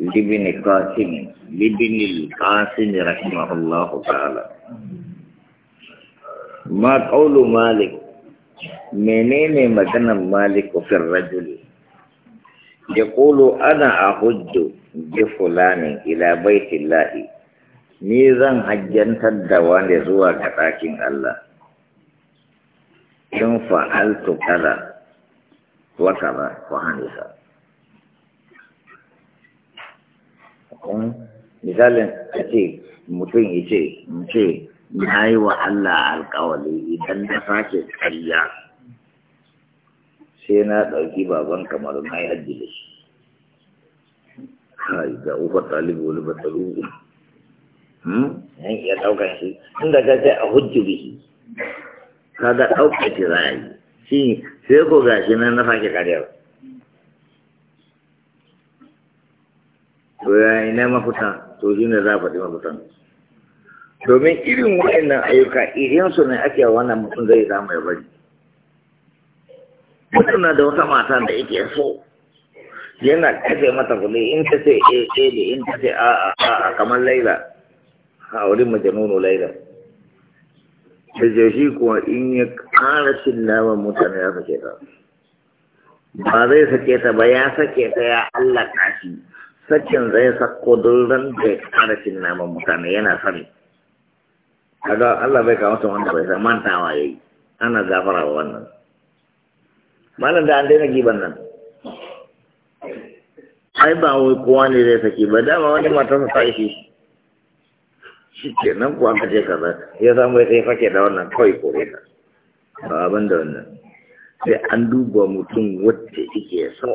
لابن قاسم لابن القاسم رحمه الله تعالى ما Malik مالك menene maganan maliku fil rajuli yaqulu ana ahujju bi fulani ila baitillahi ni zan hajjantar da wani zuwa ga ɗakin Allah in fa'altu kaza wa kaza wa hanisa Hmm? misalin a ce mutum ya ce ce na yi wa Allah alkawali idan na sake karya sai na ɗauki baban kamar na yi hajji da shi kai ga uba talibu wani ba talubu yan hmm? iya ɗaukan shi inda ka ce a hujju bihi ka ga ɗaukar shi za a yi shi sai ko gashi na na sake karyar to ya ina mafuta to shi ne za a faɗi mafutan domin irin waɗannan ayyuka irin su ne ake wannan mutum zai zama ya bari mutum na da wata mata da yake so yana kashe mata kuɗi in ta ce a eh da eh, in ta ce a a a kamar laila a wurin majanunu laila da shi kuwa in ya ƙara cin naman mutane ya sake ta ba zai sake ta ba ya sake ta ya Allah shi sakin zai sako duran da ya kara cin naman mutane yana sani kaga Allah bai kawo wanda bai san mantawa waye, ana gafara wa wannan malam da an daina giban nan ai ba wai kowa ne zai saki ba dama wani mata ta ishi shi ke nan kuwa ka ce kaza ya samu ya sai fake da wannan kawai kore ka ba abin da wannan sai an duba mutum wacce yake so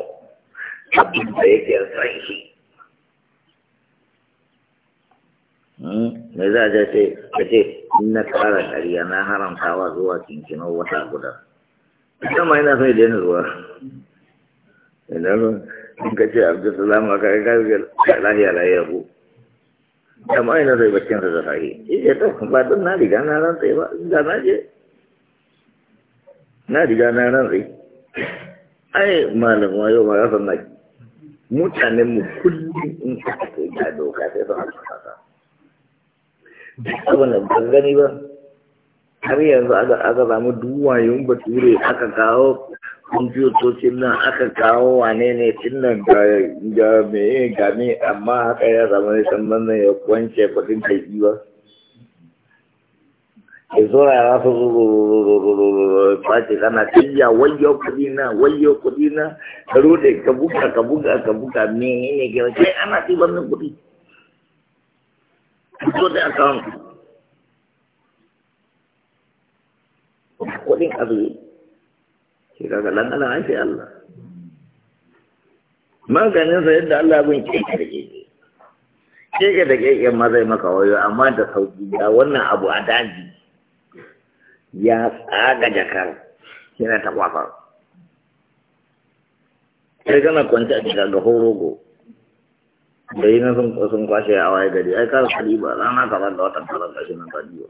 abin da yake son shi Hmm? me za a ce ka ce na kara ƙarya na haramtawa zuwa kinkinon wata guda sama yana sai da yana zuwa idan sun ka ce abdul salam a kare kare lahiya lahiya ku sama yana sai baccin sa da sahi ije ta ba don na riga na rantsai ba da na je na riga na rantsai ai malam wayo ma ya san na mutanenmu kullum in aka ce da doka sai sun aka fasa abin da ba gani ba har yanzu aka samu duwayen bature aka kawo kwamfutocin nan aka kawo wane ne tun nan ga mai gami amma haka ya zama ne sannan nan ya kwance kudin kai ba ya zora ya su kwace kana tiya wayo kudi na wayo kudi na ka rode kabuka, kabuka ka buga ka buga ne ke kai ana tiban nan kudi fito da account kuɗin azumi shi kaga dan ana haifi Allah maganin sa yadda Allah bin keke da keke keke da keke ma zai maka wayo amma da sauki ya wannan abu a daji ya tsaga jakar yana ta kwafa sai kana kwanta a jika ga horogo da na sun kwashe a waye gari ai kara kali ba rana kamar da watan taron kashi nan ta biyu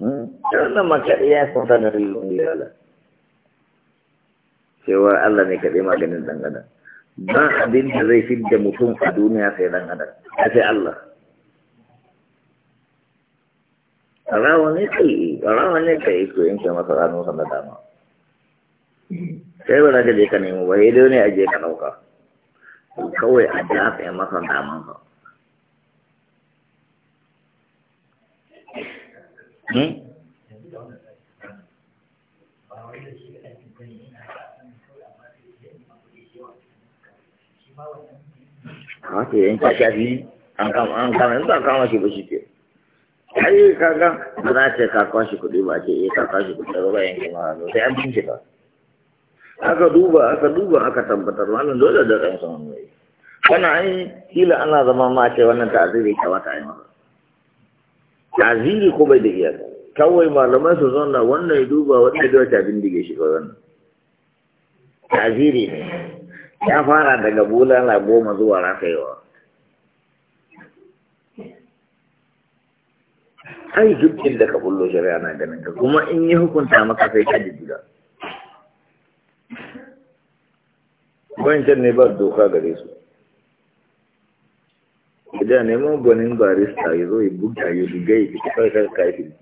wannan hmm? makaɗi ya sauta da rilun lilala cewa Allah ne kaɗai maganin ɗan adam ba abin da zai da mutum a duniya sai ɗan ya sai Allah A rawane kai rawa ne kai to in kai masa ranar sa dama sai ba za ka je ka nemo ba sai dai ne a je ka ɗauka kawai a dafe masa damansa Haka hmm? yin ka shafi an kama yin ba kama shi ba shi ke. Ai kaga ba za ce ka kwashe kuɗi ba ce iya eh, kwashe kuɗi ba yankin ma sai an bincika. aka duba aka duba aka tabbatar wannan dole da ɗan samun mai kana ai kila ana zama ma ce wannan ta'aziri ta wata ai masa ta'aziri ko bai da iyaka kawai malaman su zauna wannan ya duba wannan ya duba ta bindige shi ba wannan ta'aziri ne ya fara daga bulala goma zuwa rakaiwa ai duk inda ka bullo shari'a na ganin ka kuma in yi hukunta maka sai ka jigila can ne ba doka gare su idan neman gwanin barista ya zo ya buga ya buga ya fi karkar kafin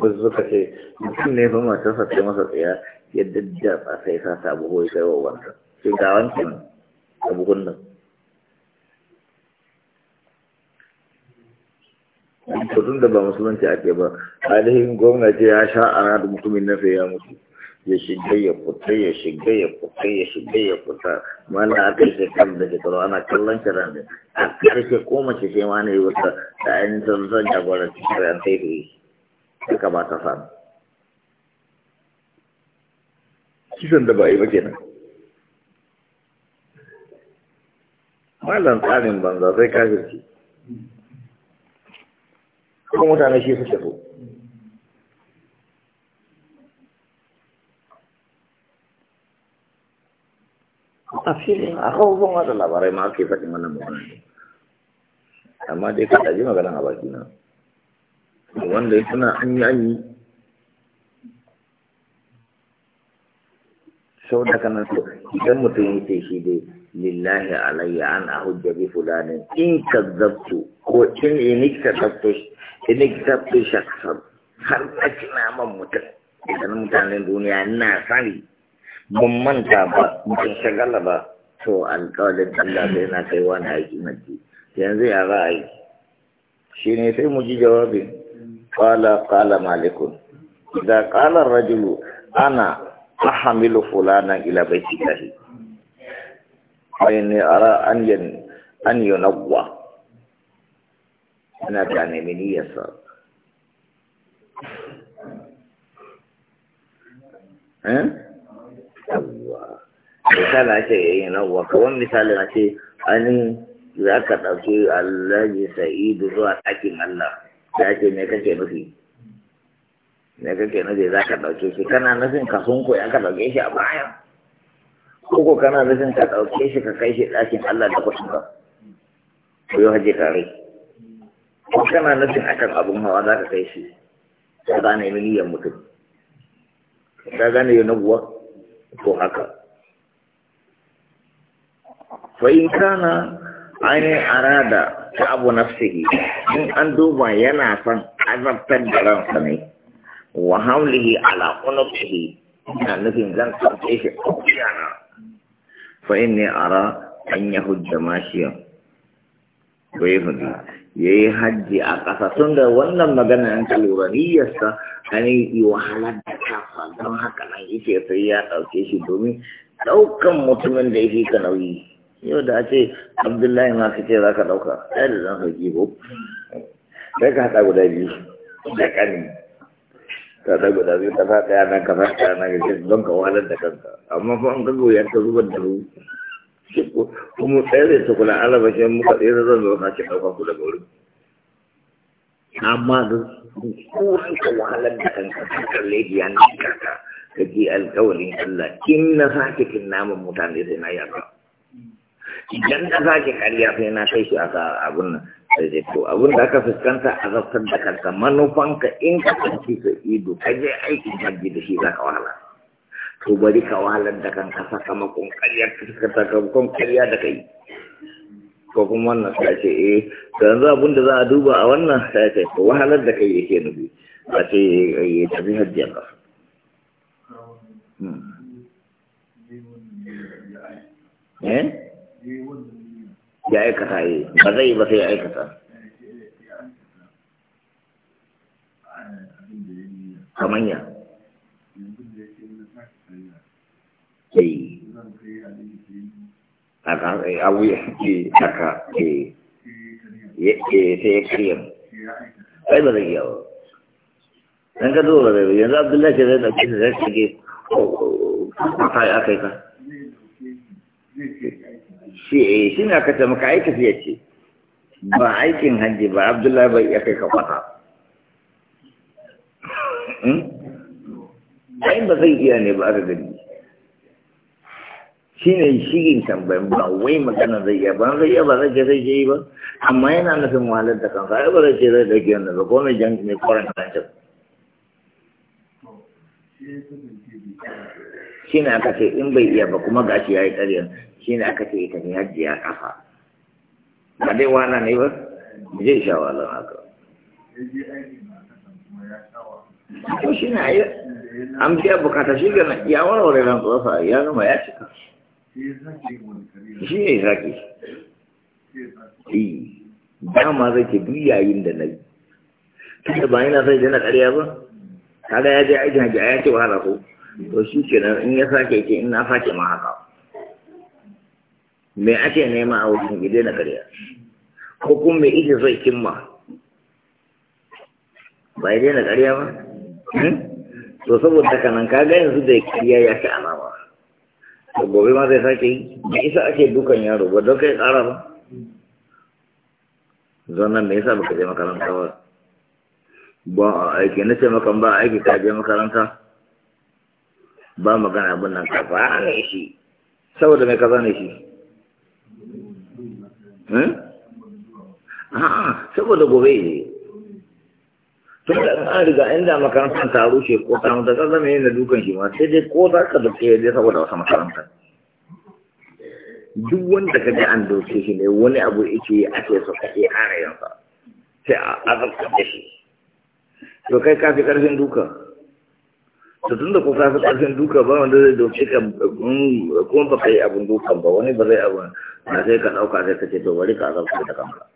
ba su suka ce mutum ne ba matarsa ta masa tsaya ya daddafa sai sa ta sai kai wa wanta sai ga wancan abubuwan nan mutum da ba musulunci ake ba alihin gwamna ce ya sha a rada mutumin na fiye mutu ya shiga ya fita ya shiga ya fita ya shiga ya fita mana aka yi shekaru da shekaru ana kallon shirin ne a karshe ko mace ce ma ne wata da ainihin sanzan jagorar cikin ran ta yi da ba ta kisan da ba a yi ba kenan malam tsarin banza sai kafirci kuma mutane shi suke so a filin a kawon wata labarai ma ake faɗin wannan magana amma dai ka ɗaji maganin a baki na wanda ya suna an yi an yi sau da kanan su idan mutum yake shi dai lillahi alayya an ahujja bi fulanin in kadzabtu ko in in kadzabtu shakhsan har na cina man mutum idan mutanen duniya na sani mun manta ba ban shagala ba to alƙawarin Allah sai na kai wani aiki mace yanzu ya za a yi shi ne sai mu ji jawabin qala qala malikun Da qala rajulu ana ahamilu fulana ila baitillahi aini ara an yin yi eh? misali na ce yin nagwa misali na ce ani za ka ɗauki allaji sa'idu zuwa ɗakin allah ya ce me kake nufi me kake nufi za ka ɗauki shi kana nufin ka sun koya ka ɗauke shi a bayan ko kana nufin ka ɗauke shi ka kai shi ɗakin Allah da kuɗin ka ko yau haje tare ko kana nufin akan abun hawa za ka kai shi ka gane miliyan mutum ka gane yi na ko haka fahim in kana ainihin arada ta abu nafsihi in an duba yana son azabtar da ransa ne wa hamlihi ala unubtihi ina nufin zan ɗauke shi a فإني أرى أن يهج ماشيا ya yayi hajji a ƙasa tun da wannan magana an ta lura an yi wahalar da kafa don haka nan yake sai ya ɗauke shi domin ɗaukan mutumin da yake ka nauyi yau da ce abdullahi ma ka ce za ka ɗauka ɗaya da zan sauki ko sai ka haɗa guda biyu da ƙani kada guda biyu ta sa ɗaya nan ka sa ɗaya ga ka don ka wahalar da kanka amma fa an ka ya ka zubar da ruwa kuma zai ta kula mu muka tsere zan zo sake ɗauka ku daga wuri. amma da kuran ka wahalar da kanka ta kalle biya ne kaka ka ji alƙawarin Allah in na sake kin naman mutane sai na yaka idan na sake karya sai na kai shi a abun nan sai to da aka fuskanta a zaftar da kanka manufanka in ka tsanci ka ido ka je aikin hajji da shi za ka wahala to bari ka wahalar da kanka sakamakon ƙarya ka suka sakamakon ƙarya da kai ko kuma wannan ta ce eh to yanzu abun da za a duba a wannan Ta ce to wahalar da kai yake nufi a ce eh, ya tafi hajji a ƙasa. Hmm. Eh? ya aikata yi eh, ba zai ba sai ya aikata kamanya eh. aka eh, abu ya ke aka ke sai ya karya ba zai yawa ka ba yanzu abdullahi da zai shige oh, oh, oh. ko Eh, shi shi na kace maka ai tafiya ce ba aikin hajji ba abdullahi bai iya kai ka kwata hmm? ai ba zai iya ne ba aka gani shi ne shirin tambayin ba wai magana zai iya ba zai iya ba zai ke zai ke yi ba amma yana nufin wahalar da kansa ai ba zai ce zai dauki wannan ba ko mai jan mai koren kancan shi ne aka ce in bai iya ba kuma gashi yayi yi ƙaryar shi ne aka ce ita ne hajji ya kafa ba dai wana ne ba zai sha walan haka ko shi ne ayi an biya bukata shi ga ya warware ran tsofa ya gama ya cika shi ne zaki dama zai ke duk yayin da na yi tunda ba yana sai dana ƙarya ba kaga ya je aikin hajji a ya ce wahala ko to shi kenan in ya sake ke in na sake ma haka me ake nema a wajen gide na kariya. ko kuma me ike so kimma ba ya na kariya ba hmm? to saboda takanan ka ga yanzu da karya ya ci alama to gobe ma zai sake yi da isa ake dukan yaro ba don kai tsara ba zannan me baka je makaranta ba ba aiki na ce maka ba aiki ka je makaranta ba magana abin nan ka ba ne shi saboda mai kaza ne shi hmm? saboda gobe ne tun da an riga inda makarantar ta rushe ko ta mutu ta zama yin da dukan shi ma sai dai ko za ka da tsaye dai saboda wasu makaranta duk wanda ka ji an doke shi ne wani abu yake yi ake so ka iya hana yansa sai a azabta da shi to kai kafi karfin dukan to tun da kuka fi ƙarfin duka ba wanda zai doke ka mm, kuma ba ka yi abin dukan ba wani ba zai abin na sai ka ɗauka sai ka ce to bari ka zafi da kanka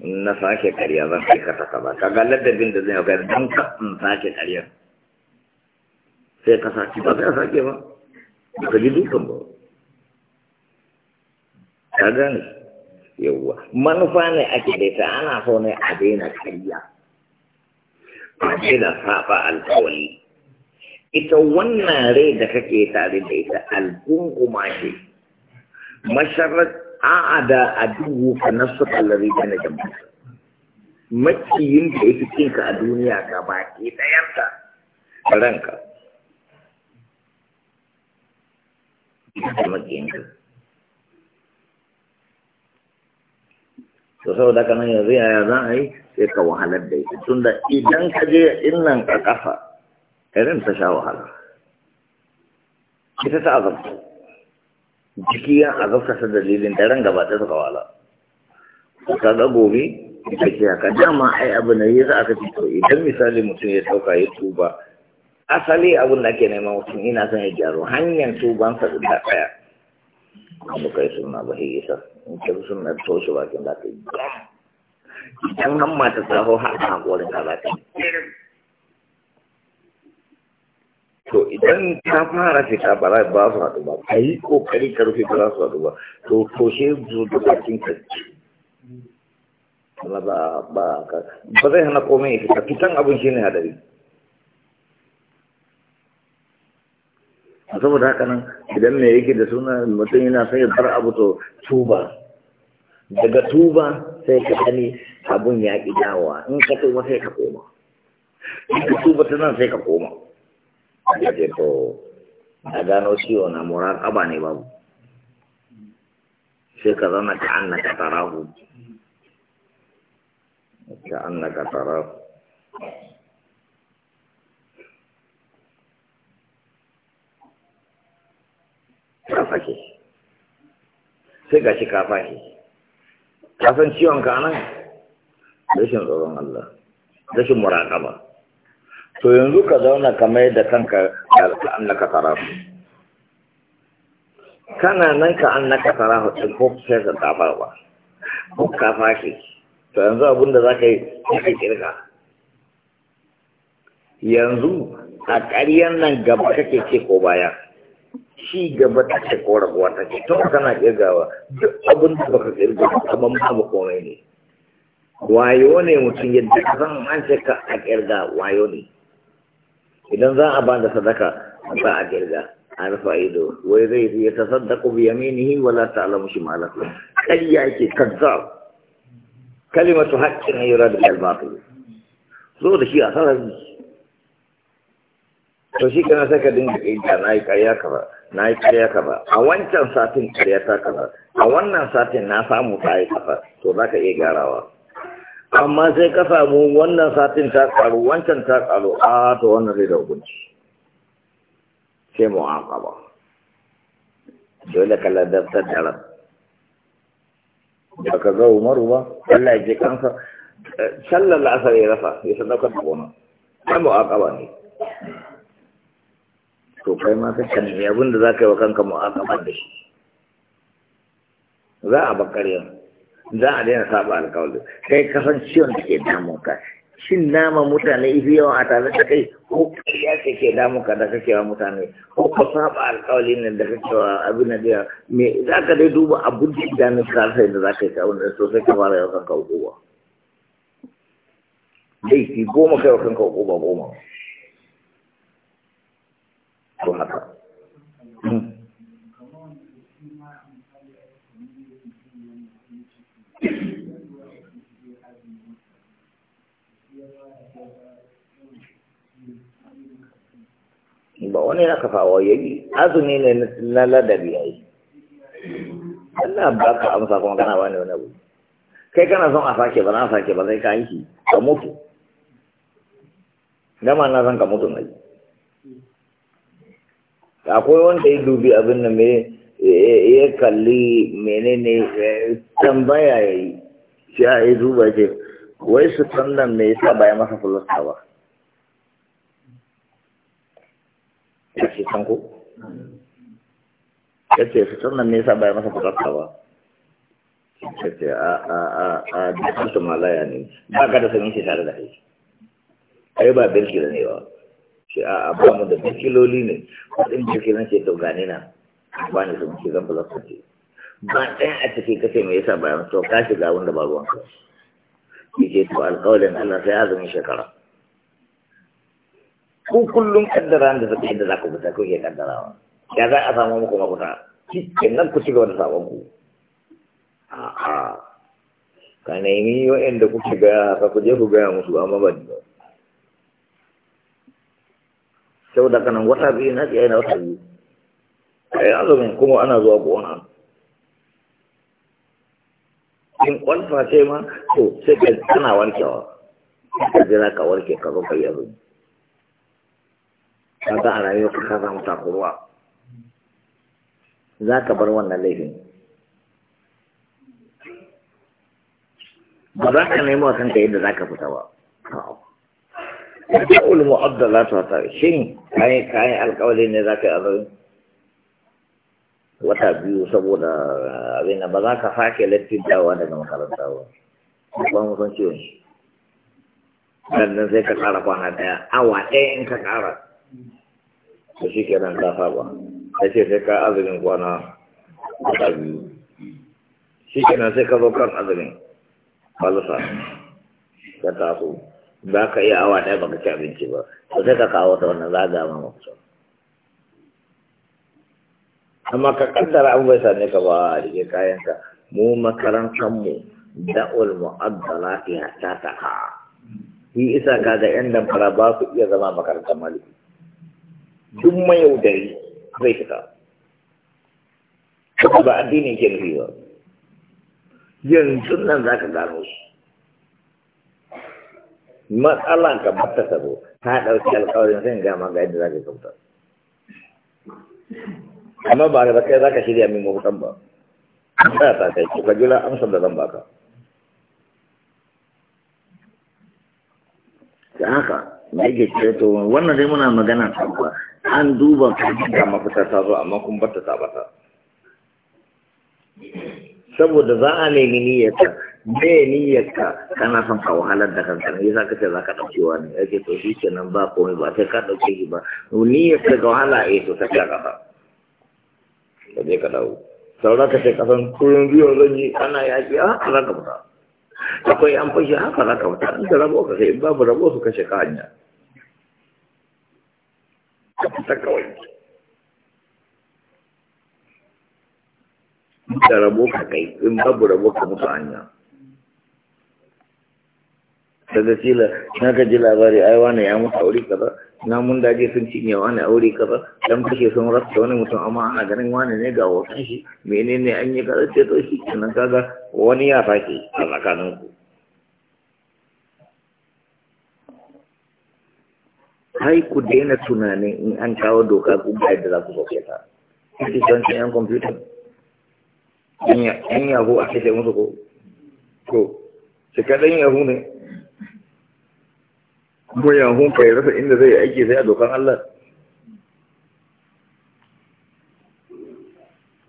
na sake karya zan kai ka taka ba ka ga ladabin da zai kai don ka in sake karya sai ka sake ba sai sake ba ka ji dukan ba ka gane yauwa manufa ne ake da ita ana so ne a daina karya yana saba alkawali ita wannan rai da kake tare da ita algunguma ce masharar a'ada a duhu ka nasu kallari da na jama'a makiyin da ya fi a duniya ka baki ɗayarta ranka to saboda yanzu yaya za a yi sai ka wahalar da ita tunda idan ka je innan a ƙafa irin ta sha wahala ita ta azabta jiki ya azabta ta dalilin daren gaba ta suka wahala ka ga gobe ita ce haka dama ai abu na yi za a kafi to idan misali mutum ya sauka ya tuba asali abin da ake neman mutum ina son ya gyaru hanyar tuban tubansa da ɗaya kuma kai suna ba isa in kai suna toshe bakin da ka yi Yan hamma ta tsaho har a hankorin ka za to idan ka fara fita ba za ba su haɗu ba ka yi ƙoƙari ka rufe ba za su haɗu ba to to shi zo da bakin ka ba ba ka ba zai hana komai ya fita fitan abin shi ne hadari saboda haka nan idan me yake da suna mutum yana sai bar abu to tuba daga tuba sai ka gani abun ya ƙi dawowa in ka tuba sai ka koma in ka tuba ta nan sai ka koma ya ce to na gano ciwo na murar ƙaba ne babu sai ka zama ka an na ka tarahu ka an na ka tarahu ka fashe sai ga shi ka fashe ka san ciwon ka nan rashin tsoron Allah rashin muraƙaba to yanzu ka zauna ka mai da kanka ka annaka tarahu kana nan ka annaka tarahu ɗin ko sai ka tabarwa ko ka fashi to yanzu abin da za ka yi ka kirka yanzu a ƙaryan nan gaba kake ce ko baya shi gaba ta ce ko raguwa ta ce to kana kirgawa duk abin da baka kirga kaman babu komai ne wayo ne mutum yadda ka san an ce ka a kirga wayo ne idan za a ba da sadaka ba a kirga a rufa ido wai zai ya tasaddaku bi yaminihi wala ta'lamu shimalahu kariya yake kazzab kalimatu haƙƙin yurad bil batil zo da shi a sarari to shi kana sai ka dinga kinka na yi karya ka ba na yi karya ka ba a wancan satin karya ta ka ba a wannan satin na samu ta yi kafa to za ka iya gyarawa amma sai ka samu wannan satin ta karu wancan ta karu a to wannan zai da hukunci sai mu ba dole ka ladabtar da ran ba ka ga umaru ba Allah ya ji kansa eh, sallar la'asar ya rasa ya sadaukar da gona sai mu'aqaba ne to kai ma sai ka nemi abin da za ka yi wa kanka mu'aqabar da shi za a bakar yau za a daina saba alkawali kai kasancewa da ke damun ka shin nama mutane ifi yawan a tare da kai ko ya ce ke damun ka da kake wa mutane ko ka saba alkawali ne da kake wa abin da ya me za ka dai duba abin da idanun ka sai da za ka yi kawo da so sai ka fara yau kanka hukuma laifi goma kai wa kanka hukuma goma haka ba wani ya kafa wa yayi azumi ne na ladabi yi. Allah ba ka amsa kuma kana bani wani abu kai kana son a sake ba na sake ba zai ka yi ka mutu dama na san ka mutu na yi akwai wanda ya dubi abin da me ya kalli menene tambaya ya yi shi a yi duba ce wai su tsandan me yasa ba ya masa fulasta ba ya ce san ku? ya ce su tsandan me yasa ba ya masa fulasta ba ya ce a a a a da kansu malaya ne ba ka da sanin shi tare da kai ai ba bilki da ne ba shi a abamu da bikiloli ne kudin jiki na ce to gane na ba ne su muke zan bulan kace ba ɗaya a cikin kace me yasa ba to ka shiga wanda ba ruwan ka yake to alƙawarin Allah sai azumin shekara ku kullum kaddara da zaka yadda zaka fita ko ke kaddarawa ya za a samu muku mafuta cikin nan ku ci gaba da sabon ku a'a ka nemi da kuke ga ka ku je ku gaya musu amma ba sau da kanan wata biyu na tsaye na wata biyu a yi azumin kuma ana zuwa gona in kwalfa ce ma to sai ka tana warkewa ka jira ka warke ka zo ka yi azumi ka ga a rayuwa ka kasa mata kurwa za ka bar wannan laifin ba za ka nemo kanka yadda za ka fita ba يقول مؤدلات وطا شين كاين كاين القولين yi أظن wata biyu saboda uh, abin ba za ka sake lattin dawa daga makaranta ba ba mu san ciwon shi sannan sai ka kara kwana daya awa ɗaya in ka kara, to shi ke nan kafa ba ta ce sai ka azumin kwana wata biyu shi ke nan sai ka zo kan azumin balasa ka taso za ka iya awa ɗaya baka ci abinci ba to sai ka kawo ta wannan zaga ma makusa amma ka kaddara an bai same ka ba a rike ka. mu makarantar mu da'ul mu'addala addala hatta ta ha yi isa ga yan damfara ba su iya zama makarantar maliki duk mayaudari zai shiga ba addinin ke nufi ba yanzu nan za ka gano shi matsalan ka bata ta ta ɗauki alƙawarin zan ma ga yadda za ka kauta amma ba ka kai za ka shirya min mafutan ba ta ta kai ka jula amsar da zan baka da haka da yake ce to wannan dai muna magana sabuwa an duba ka mafita ta zo amma kun bata ta bata saboda za a nemi niyyar me niyyarka kana son ka wahalar da kanka ne yasa kace za ka dauki wani yake to shi kenan ba komai ba sai ka dauke shi ba niyyarka ga wahala eh to ka ta kafa da je ka dawo sauran ka ce kasan kurin biyo zan yi ana yaki a ah, za ka fita akwai an fashi haka za ka fita in ka rabo ka kai babu rabo su kashe ka hanya ka fita kawai da rabo ka kai in babu rabo ka mutu hanya daga sila, na ka ji labari ai wani ya mutu aure kaza na mun dage sun cinye wani aure kaza dan kashe sun rasa wani mutum amma ana ganin wani ne ga wasu shi menene an yi kaza ce to shi kenan kaga wani ya fake a tsakanin ku kai ku daina tunani in an kawo doka ku ba yadda za ku sauke ta kike son yan kwamfuta in yahu a kashe musu ko to shi kaɗan yahu ne kuma hunka ya rasa inda zai aiki sai a dokan Allah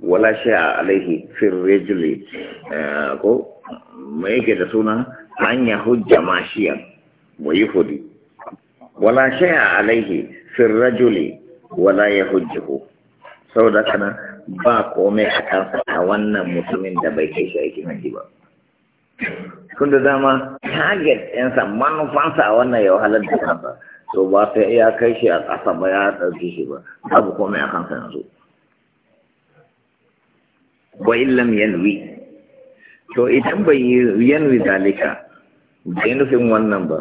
wala sha'a alaihi fil rajuli eh, ko mai yake da suna an ya hujja mashiyan wa wala sha'a alaihi fil rajuli wala yahujjuhu saboda kana ba komai a kansa a wannan mutumin da bai kai shi aikin haji ba kun da dama target ɗinsa manufansa a wannan ya wahalar da kansa to ba sai ya kai shi a ƙasa ba ya ɗauki shi ba babu komai a kansa yanzu wa illam yanwi to idan bai yi yanwi dalika bai nufin wannan ba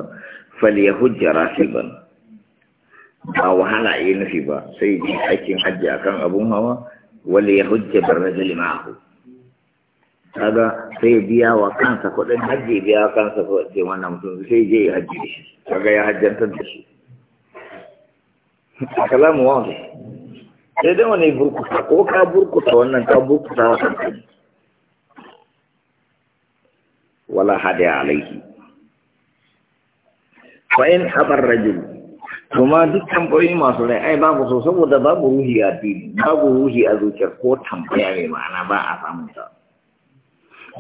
fal ya hujja rasiban ba wahala ya nufi ba sai aikin hajji akan abun hawa wal ya hujja bar ma'ahu kaga sai biya wa kansa kuɗin hajji biya wa kansa kuɗin wannan mutum sai je ya hajji da shi kaga ya hajjantar da shi a kalamu wani sai dai wani burkuta ko ka burkuta wannan ka burkuta wa kanka wala hada alaihi fa in habar rajul kuma duk tambayoyi masu rai ai babu so saboda babu ruhi a dini babu ruhi a zuciyar ko tambaya mai ma'ana ba a samun ta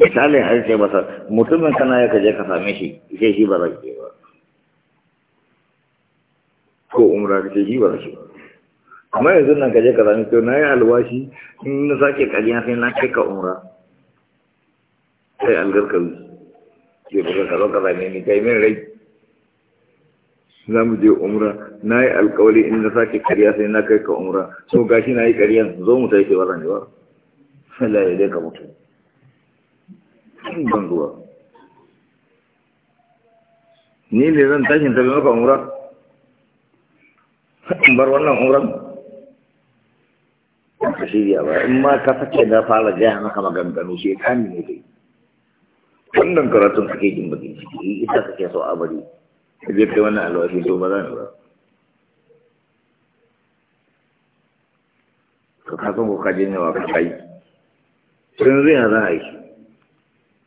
misali an ce masa mutumin kana ya kaje ka same shi ke shi ba za ki ba ko umra ka shi ba za ki amma yanzu nan kaje ka same shi na yi alwashi in na sake kariya sai na kai ka umra sai garka ka ke baka ka zo ka same ni kai min rai za mu je umra na yi alkawali in na sake kariya sai na kai ka umra so gashi na yi kariyan zo mu tafi ba zan yi ba Allah ya dai ka mutu ban ruwa ni ne zan tashin tabi maka umra in bar wannan umran ka shirya ba in ma ka sake na fara gaya maka maganganu shi ka ne dai wannan karatun kake jin bakin ciki ita kake so a bari ka je kai wannan alwashi to ba za ni ba ka kasan ko ka je ne wa ka kai sun zai za a yi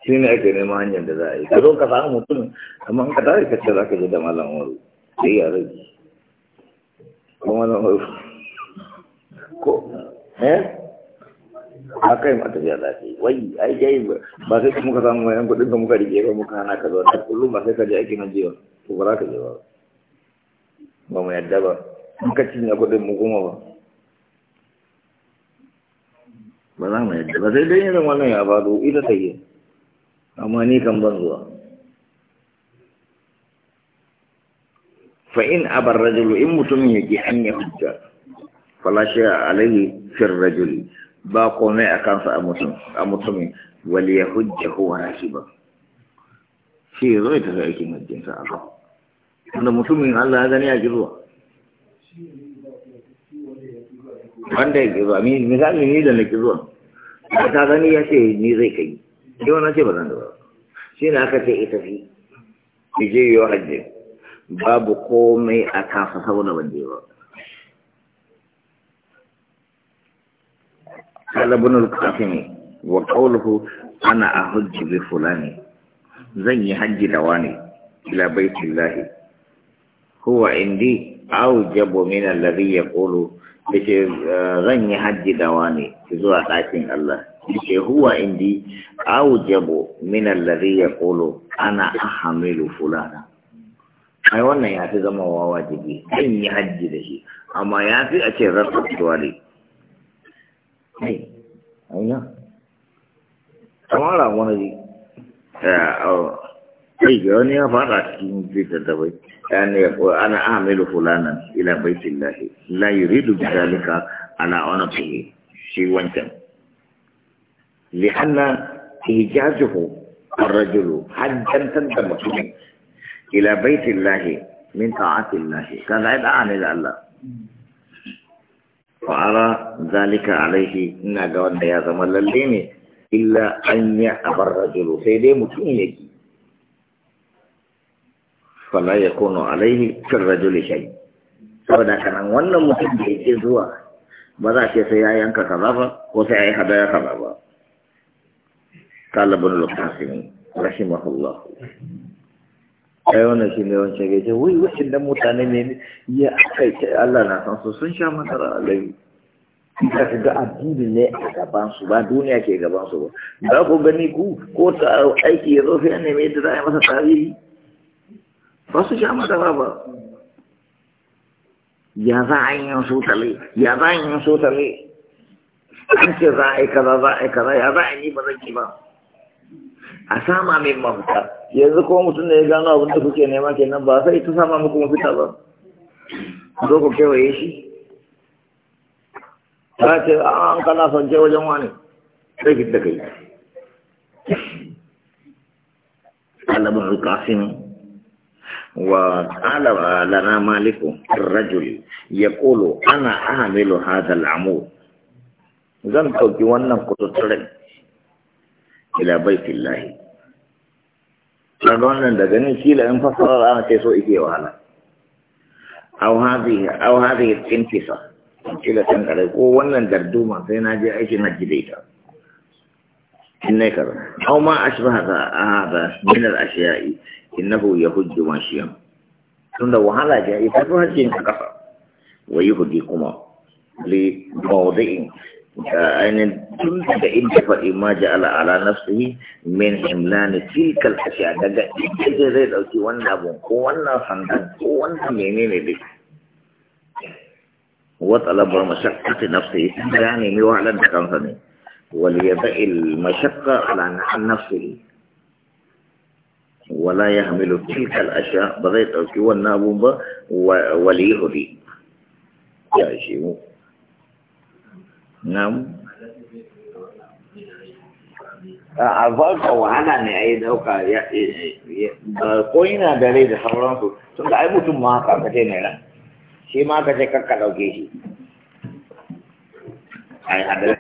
shi ne ake neman hanyar da za a yi ka zo ka samu mutum amma in ka tare ka ce za ka je da malam wuri sai ya rage ko malam wuri ko eh haka yi mata biya zafi wai ai jai ba sai muka samu mayan kudin ka muka rike ba muka hana ka zo ta kullum ba sai ka je na jiya to ba za ka je ba ba mu yadda ba in ka cinye kudin mu kuma ba ba za mu yadda ba sai dai irin wannan ya faru ita ta yi amma ni kan ban zuwa fa in abar rajulu in mutumin yake an ya hujja fala shi alaihi fir rajuli ba komai a kansa a mutum a mutumin wal ya hujja huwa rakiba shi zo ya tafi aikin hajjin sa aka wanda mutumin Allah ya gani ya ji zuwa wanda ya ki zuwa misali ni da na ki zuwa ta gani ya ce ni zai kai yau na ce ba zan da ba shi na aka ce ita fi ije je wa hajji babu komai a kafa saboda ban je ba talabun al wa qawluhu ana a ahujju bi fulani zan yi hajji da wani ila baitillahi kowa indi aujabu min alladhi yaqulu yace zan yi hajji da wani zuwa ɗakin Allah هو عندي أوجب من الذي يقول أنا أحمل فلانا أي وانا يا في زما واجبي أي يحج ذي أما يا في أشي رتب توالي أي أي نعم لا وانا دي أي جوني أفعل في تدوي يعني أنا أنا أعمل فلانا إلى بيت الله لا يريد بذلك أنا أنا في شيء وانتم لأن إيجازه الرجل حجا تندم إلى بيت الله من طاعة الله كان عيد عن الله فأرى ذلك عليه إن قوانا يا زمان لليني إلا أن يأبى الرجل سيدي مكينك فلا يكون عليه في الرجل شيء saboda kanan wannan mutum da yake zuwa ba za ce sai ya yanka kaza ba ko sai ya yi hadaya kaza ba قال ابن القاسم رحمه الله ai wannan shi ne wancan gaje wai wacin da mutane ne ya aka ta Allah na san su sun sha matsala alai ka ga addini ne a gaban su ba duniya ke gaban su ba za ku gani ku ko ta aiki ya zofi sai ne mai da za a masa tarihi ba su sha matsala ba ya za a yi su tale ya za a yi su tale an ce za a yi kaza za a yi kaza ya za a yi ba zan ki ba a sama min mafita yanzu ko mutum da ya gano abin da kuke nema kenan ba sai ta sama muku mafita ba zo ku kewaye shi ta ce an kana son je wajen wani sai ki da kai Wa rukasin وقال لنا مالك الرجل يقول أنا أعمل هذا العمود zan ɗauki wannan kututturen إلى بيت الله فقال لنا دقني كيلا انفصل الآن تيسو إيكي وهنا أو هذه أو هذه الانفصة كيلا تنقلق وولا دردوما فينا جاء إيش نجديتا إنكرا أو ما أشبه هذا من الأشياء إنه يهج ماشيا ثم وهلا جاء إيكي فهجين كفر ويهجيكما لموضع يعني كل إن تفعي ما جعل على نفسه من حملان تلك الأشياء دقا إجازة زي لو تي وانا أبون وانا صندان وانا منين دي وطلب مشقة نفسه يعني ميوعلا دقا وليدع المشقة على نعم نفسه ولا يحمل تلك الأشياء بغير أوكي والنابون وليهدي يا شيخ nam a farko wahala ne a yi dauka ya ko yana da rai da sauransu sun da ai mutum ma haka ka ce mai ran shi ma ka kakka dauke shi ai